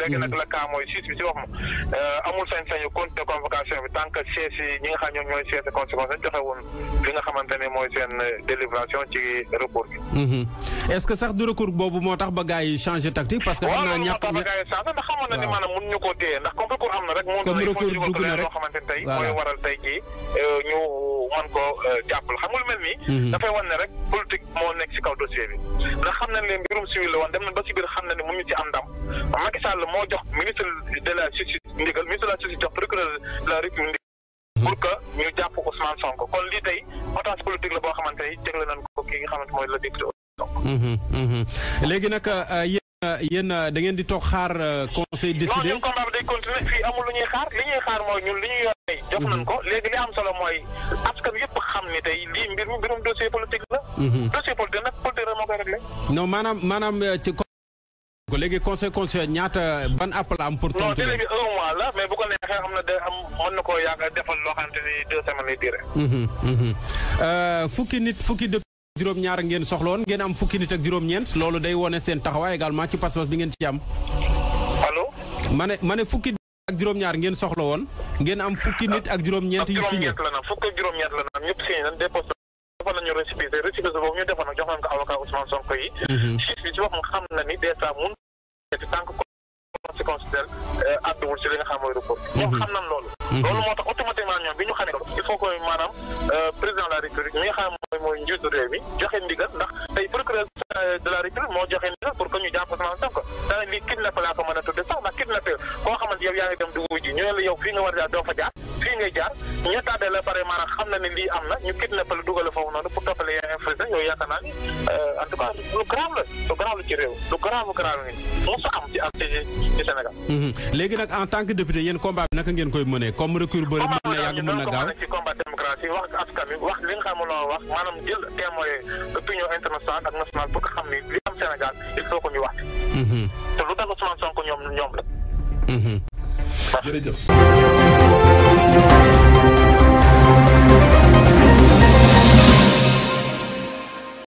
léegi nag mhm. la cas mooy bi si wax ma amul sañ-sañu compte convocation bi tant que siège yi ñi nga xam ñoom ñooy siège conséquence dañ joxe woon li nga xamante mooy seen euh, délibération ci recours bi mhm. est-ce que sax du recours boobu moo tax ba gars yi changé tactique parce que xam naa ñàkk ba gars yi changé ndax xamoon na ni maanaam mun ñu koo téye ndax comme recours am na rek mooy waral tey jii euh, ñu mën ko euh, jàppal xam mel nii mhm. dafay wan ne rek politique moo nekk si kaw dossier bi ndax xam na moo jox ministre de la justice ndigal ministre de la justice jox procureur de la république pour que ñu jàpp Ousmane la boo la mhm, mhm. léegi nag euh, yéen euh, euh, da ngeen di toog xaar conseil décidé non ñun combat bi day continuer fii amul lu ñuy xaar li ñuy xaar mooy ñun li ñuy yor tey jox nañ ko mhm. léegi li am mooy askan yëpp xam ni tey lii mbir mi mbirum dossier politique la dossier politique nag politique la moo koy réglé non maanaam maanaam ko léegi conseil conseil ñaata ban appel am pour tontu mais bu neexee xam na de am mën na koo yàgg defal loo xamante ni deux semaines lay dire mhm, mhm. euh, fukki nit fukki dëpp juróom ñaar ngeen bi ngeen ci ma ne ma ne fukki ak soxla woon ngeen am fukki nit ak juróom-ñeent yu signé la na juróom-ñeent la na ñëpp signé nañ déposé defal nañu récépissé récépissé boobu ñu defoon nag jox nañ yi mhm. justice bi ci boppam xam na ni dèjà mun yëkkati tant que conseil constitutionnel euh, àdduwul si li nga xam mooy report mhm. ñoom xam nañ loolu mhm. loolu moo tax automatiquement ñoom bi ñu xamee loolu il faut que maanaam euh, président la république mi nga xam mooy mooy njiitu réew mi joxe ndigal ndax tey procureur de la république moo joxe ndigal pour que ñu jàpp Ousmane Sonko koo xamante yow yaa ngi dem dugub ji ñu ne la yow fii nga war a doo fa jaar fii ngay jaar ñettaade la pare maanaam xam na ne lii am na ñu kidnappé la dugal foofu noonu pour toppale yeneen influenceurs yooyu yaakaar naa ni euh, en tout cas lu grave la lu grave la ci réew lu grave grave ni mu sa am ci am ci Sénégal mhm. léegi nag en tant que député yéen combat bi naka ngeen koy mënee comme recours bëri mën na yàgg mën na gaaw ci combat démocratie wax askan bi wax li nga Mm-hmm. jërëjëf